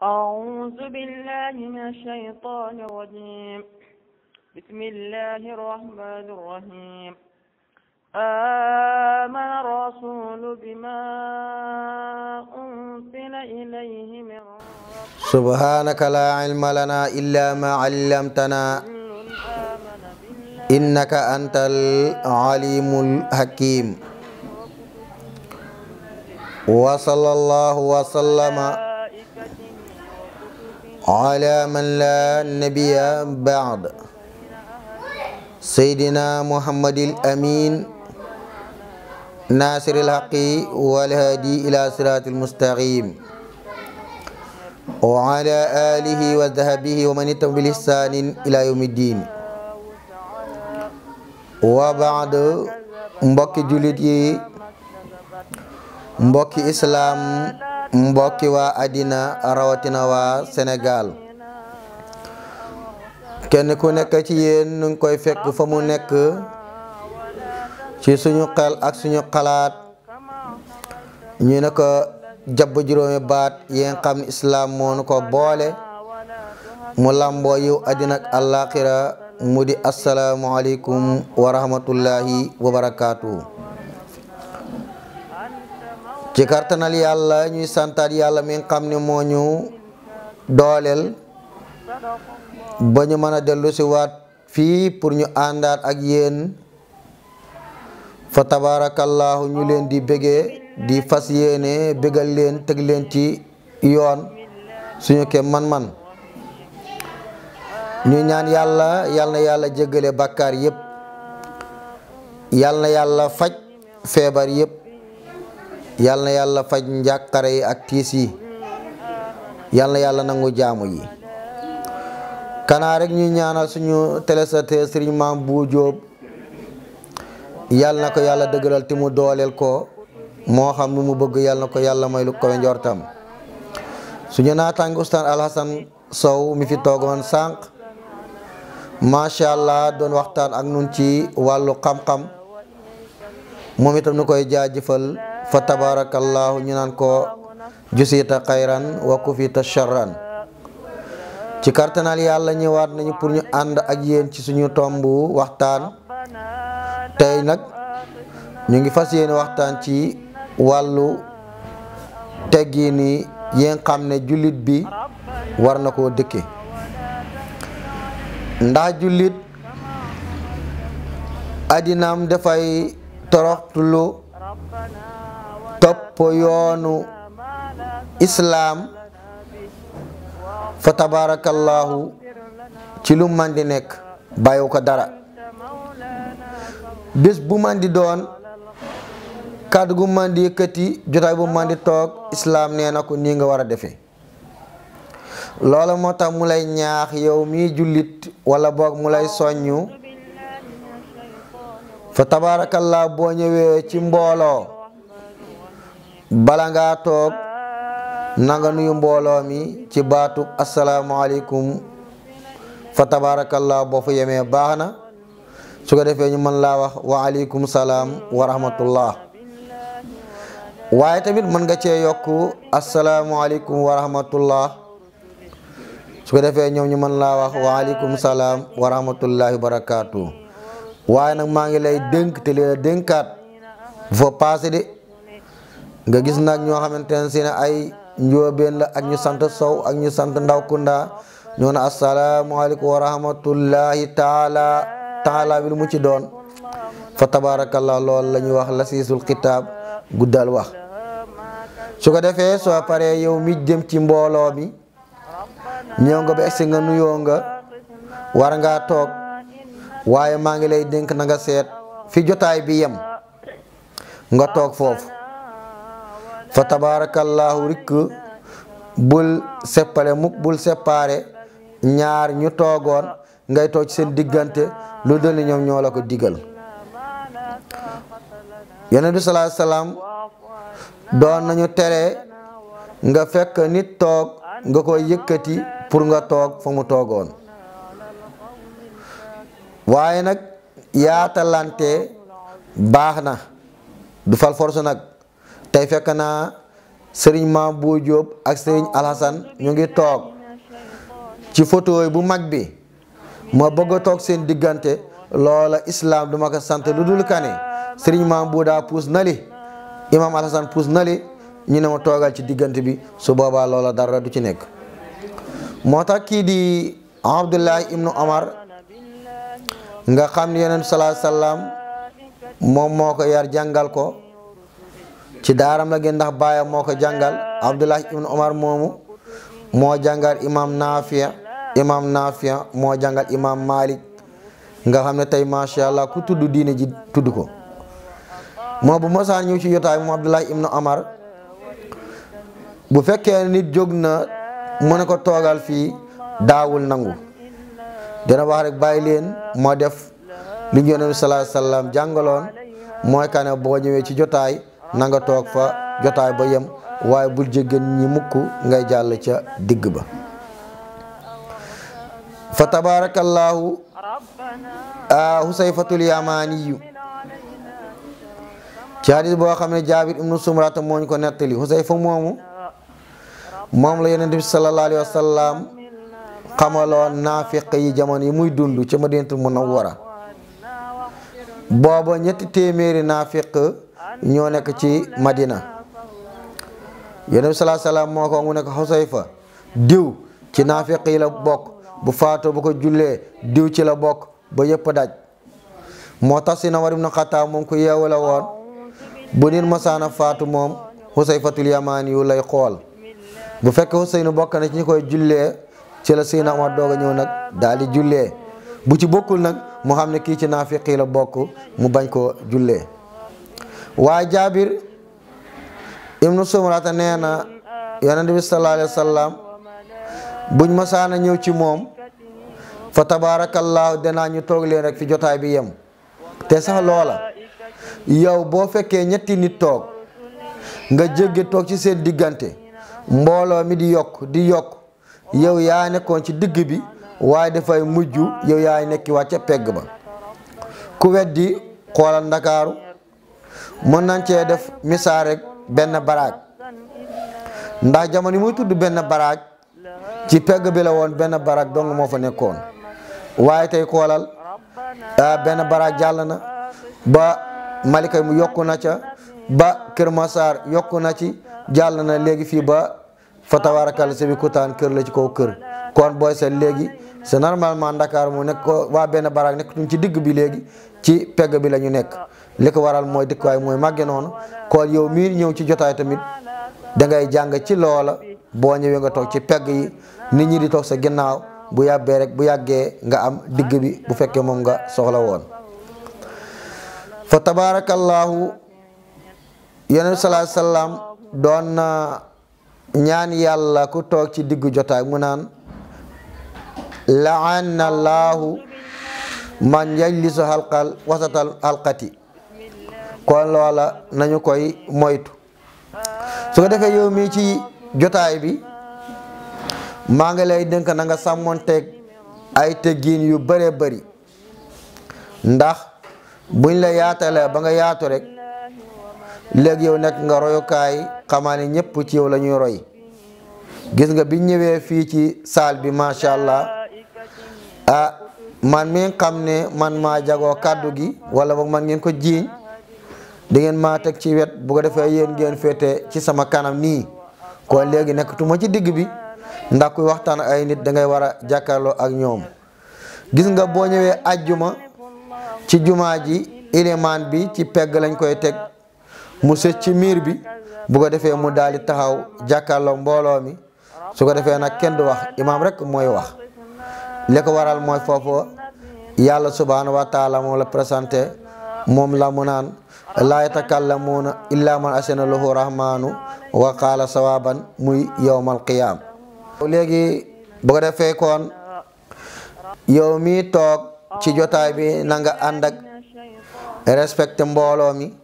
أعوذ بالله من الشيطان الرجيم بسم الله الرحمن الرحيم آمن الرسول بما أنزل إليه من ربه سبحانك لا علم لنا إلا ما علمتنا إنك أنت العليم الحكيم وصلى الله وسلم على من لا نبي بعد سيدنا محمد الأمين ناصر الحق والهادي إلى صراط المستقيم وعلى آله وذهبه ومن اتبع بلسان إلى يوم الدين وبعد مبكي جلدي مبكي إسلام mbokki waa àddina rawatina waa senegaal kenn ku nekk ci yéen nu koy fekk fa mu nekk ci suñu xel ak suñu xalaat ñu ne ko jàpp juróomi baat yéen xam ne islaam moo nu ko boole mu làmboo yiw àddina ak àllaaxira mu di asalaamualeykum wa rahmatullahi wa ci kartanal yàlla ñuy santaat yàlla mi nga xam ne moo ñu dooleel ba ñu mën a dellu waat fii pour ñu àndaat ak yéen fa tabaarakallaahu ñu leen di bégee di fas yéene bégal leen teg leen ci yoon suñu kem man-man ñu ñaan yàlla yal yàlla jéggale bàkkaar yépp yàlla yàlla faj feebar yépp yal na yàlla faj njàqare yi ak tiis yi yal na yàlla nangu jaamu yi kanaa rek ñuy ñaanal suñu téléspectateur Serigne Mame bu Diop yal na ko yàlla dëgëral te mu dooleel ko moo xam lu mu bëgg yal na ko yàlla may lu ko njortam suñu naataangi Oustaz Alhassane Sow mi fi toogoon sànq macha allah doon waxtaan ak nun ci wàllu xam-xam moom itam nu koy jaajëfal fa tabaarakallaahu ñu naan ko jusita xayran wa kufita charran ci kartanal yàlla ñëwaat nañu pour ñu ànd ak yéen ci suñu tomb waxtaan tey nag ñu ngi fas yéene waxtaan ci wàllu teggiini yi nga xam ne jullit bi war na koo dëkke ndax jullit addinaam dafay toroxtulu topp yoonu islaam fa tabaarakallaahu ci lu man nekk bàyyiwu ko dara bés bu man doon kàddu gu man di jotaay bu man toog islaam nee na ko nii nga war a defee loola moo tax mu lay ñaax yow mi jullit wala boog mu lay soññu fa tabaarakallaahu boo ñëwee ci mbooloo bala ngaa toog nanga nuyu mbooloo mi ci baatu asalaamaaleykum fa tabaarakallaa boo fa yemee baax na su ko defee ñu man laa wax wa aleykum salaam wa rahmatullah waaye tamit mën nga cee yokk asalaamaaleykum wa rahmatullah su ko defee ñoom ñu mën laa wax wa aleykum salaam wa rahmatullahi wa barakaatu waaye nag maa ngi lay dénk te li la dénkaat bu fa paase de nga gis nag ñoo xamante ne si ne ay njóobeen la ak ñu sant sow ak ñu sant ndaw kunda ñoo na asalaamaaleykum wa rahmatullahi taala taala bi lu mu ci doon fa tabarakallah lool la ñuy wax lasiisul kitaab guddal wax su ko defee soo paree yow mi jëm ci mbooloo mi ñëw nga ba egsi nga nuyoo nga war ngaa toog waaye maa ngi lay dénk nanga seet fi jotaay bi yem nga toog foofu fa tabaarakallaahu rikk bul seppale mukk bul séparé ñaar ñu toogoon ngay toog ci seen diggante lu dul ni ñoom ñoo la ko diggal yonent bi sallallahu alayhi wasallam doon nañu tere nga fekk nit toog nga koy yëkkati pour nga toog fa mu toogoon waaye nag yaatalante baax na du fal force nag tey fekk naa sëriñ Maam Boo Jóob ak sëriñ oh, Alhasan ñu ngi toog ci photo bu mag bi moo bëgg toog seen diggante loola islaam duma ko sant lu dul kane sëriñ Maam Boo daa puus na li imaam puus na ñu ne ma toogal ci diggante bi su boobaa loola dara du ci nekk moo tax kii di Abdullahi ibnu Omar nga xam ne yeneen salaa salaam moom moo ko yar jàngal ko ci daaram la gën ndax baayam moo ko jàngal abdullah ibn omar moomu moo jàngal imam nafia imam nafia moo jàngal imam malik nga xam ne tey macha allah ku tudd diine ji tudd ko moo bu mosaan ñëw ci jotaay moom abdullah ibn omar bu fekkee nit jóg na mu ne ko toogal fii daawul nangu dina wax rek bàyyi leen moo def lu ñu yonent bi sallallahu alayhi wa jàngaloon mooy kane boo ñëwee ci jotaay na nga toog fa jotaay ba yem waaye bul jéggan ñi mukk ngay jàll ca digg ba fa tabaarakallaahu husayfatul yamaaniyu ci hadis boo xam ne jaabir ibnu sumrata moo ñu ko nettali husayfa moomu moom la yeneen bi sallallahu alayhi wa sallam xamaloon yi jamono yi muy dund ca madinatul munawwara booba ñetti téeméeri naafiq ñoo nekk ci Madina yonent bi salaa salaam moo ko mu nekk Xusayfa diw ci naafiq yi la bokk bu faatoo bu ko jullee diw ci la bokk ba yëpp daj moo tax si na war ibnu Xattaab moom ku yeewu la woon bu nit masaana faatu moom Xusayfatul Yamaan yu lay xool bu fekkee Xusaynu bokk na ci ñi koy jullee ci la Seydina Umar doog a ñëw nag daal di jullee bu ci bokkul nag mu xam ne kii ci naafiq yi la bokk mu bañ koo jullee waaye jaabir ibnu sumrata nee na yonent bi sallallahu alayhi wa sallam buñ masaana ñëw ci moom fa tabaarakallaahu danaa ñu toog leen rek fi jotaay bi yem te sax loola yow boo fekkee ñetti nit toog nga jégge toog ci seen diggante mbooloo mi di yokk di yokk yow yaa nekkoon ci digg bi waaye dafay mujj yow yaay nekki wàcca pegg ba ku weddi xoolal ndakaaru mën nañ cee def misaal rek benn baraaj ndax jamono yi muy tudd benn baraaj ci pegg bi la benn baraaj dong moo fa nekkoon waaye tey koolal benn baraaj jàll na ba Malika mu yokku na ca ba Kër Masaar yokku na ci jàll na léegi fii ba fa tabaarakal sebi kër la ci kaw kër kon booy seet léegi c'est mu nekk ko benn baraag nekk ci digg bi léegi ci pegg bi la nekk li ko waral mooy dëkkuwaay mooy màgge noon kon yow mii ñëw ci jotaay tamit dangay ngay jàng ci loola boo ñëwee nga toog ci pegg yi nit ñi di toog sa ginnaaw bu yàbbee rek bu yàggee nga am digg bi bu fekkee moom nga soxla woon fa tabaarakallaahu yonent salaa salaam doon na ñaan yàlla ku toog ci diggu jotaay mu naan laanallaahu man yajlisu halqal wasatal halqati kon loola nañu koy moytu soo ko defee yow mi ci jotaay bi maa ngi lay dënk na nga teg ay teggiin yu bëree bari ndax buñ la yaatalee ba nga yaatu rek léegi yow nekk nga royukaay xamaa ne ñëpp ci yow la ñuy roy gis nga biñ ñëwee fii ci saal bi macha allah a ah, man mi xam ne man maa jagoo kàddu gi wala boog man ngeen ko jiiñ da ngeen maa teg ci wet bu ko defee yéen ngeen féete ci sama kanam nii kon léegi nekkatuma ci digg bi ndax waxtaan ay nit da ngay war a jàkkaarloo ak ñoom gis nga boo ñëwee ajjuma ci jumaa ji ilimaan bi ci pegg lañ koy teg mu sës ci miir bi bu ko defee mu daal di taxaw jàkkaarloo mbooloo mi su ko defee nag kenn du wax imam rek mooy wax li ko waral mooy foofu yàlla subhaanahu wa taala moom la présenté moom la mu naan laa yatakallamuuna illaa man asina lahu rahmaanu wa sawaban muy yowmal qiyaam léegi bu ko defee yow mi toog ci jotaay bi nanga nga ànd ak respecté mbooloo mi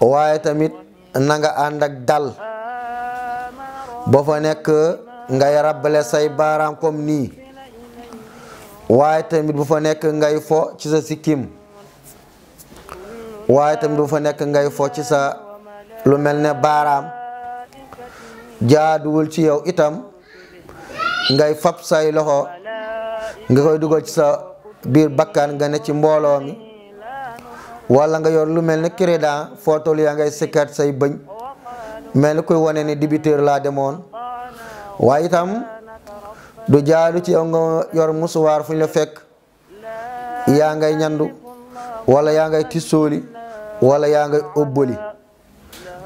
waaye tamit na nga ànd ak dal boo fa nekk ngay rabbale say baaraam comme nii waaye tamit bu fa nekk ngay fo ci sa sikkim waaye tamit bu fa nekk ngay foo ci sa lu mel ne baaraam jaaduwul ci yow itam ngay fab say loxo nga koy dugal ci sa biir bakkan nga ne ci mbooloo mi wala nga yor lu mel ne crédit foo yaa ngay sikkat say bëñ mel ni koy wane ni débiteur laa demoon waaye itam du jaadu ci yow nga yor musuwaar fu ñu la fekk yaa ngay ñandu wala yaa ngay tissooli wala yaa ngay ëbbali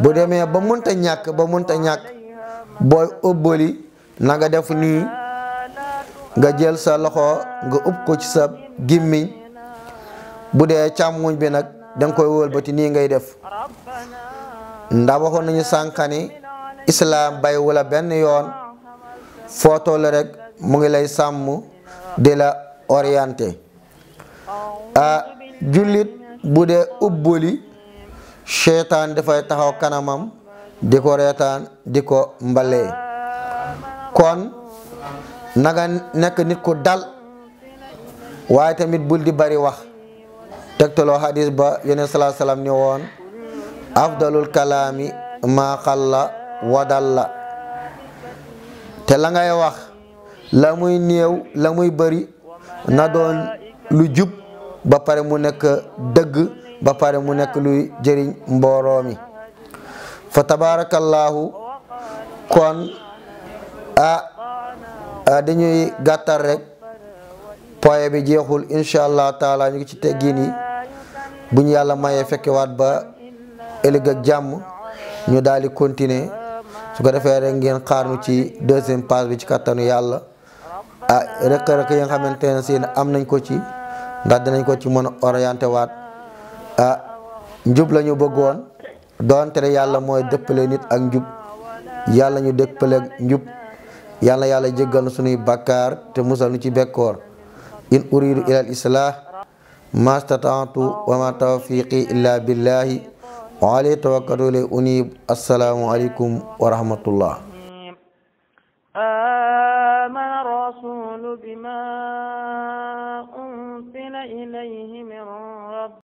bu demee ba munta ñàkk ba munta ñàkk booy ëbbali na nga def nii nga jël sa loxo nga ëpp ko ci sa gimmiñ bu dee càmmuñ bi nag danga koy wëlbati nii ngay def ndax waxoon nañu sànkani islaam bay wala benn yoon foo rekk mu ngi lay sàmm di la orienté ah, jullit bu dee ubbali seytaan dafay taxaw kanamam di ko reetaan di ko mbalee kon na nga nekk nit ku dal waaye tamit bul di bari wax tegtaloo xadis ba yeneen salaa salaam ni woon afdalul kalaami maa xalla wadalla te la ngay wax la muy néew bari na doon lu jub ba pare mu nekk dëgg ba pare mu nekk luy jëriñ mbooloo mi fa tabaarakallaahu kon a dañuy gàttal rek poye bi jeexul incha allah taala ñu ngi ci teggiin yi bu ñu yàlla mayee fekkewaat ba ëllëg ak jàmm ñu daal di continuer su ko defee rek ngeen xaarnu ci deuxième page bi ci kattanu yàlla ah rek rek yi nga xamante ne seen am nañ ko ci ndax ko ci mën a orienté waat ah njub lañu bëggoon doonte yàlla mooy dëppale nit ak njub yàlla ñu dëppale njub yàlla yàlla jéggal na suñuy bàkkaar te musal nu ci bekkoor in uridu ila al islah ma stataatu wa ma tawfiqi illa billahi wa alayhi tawakkaltu ilay unib assalaamu aleykum wa rahmatullah إليه من رب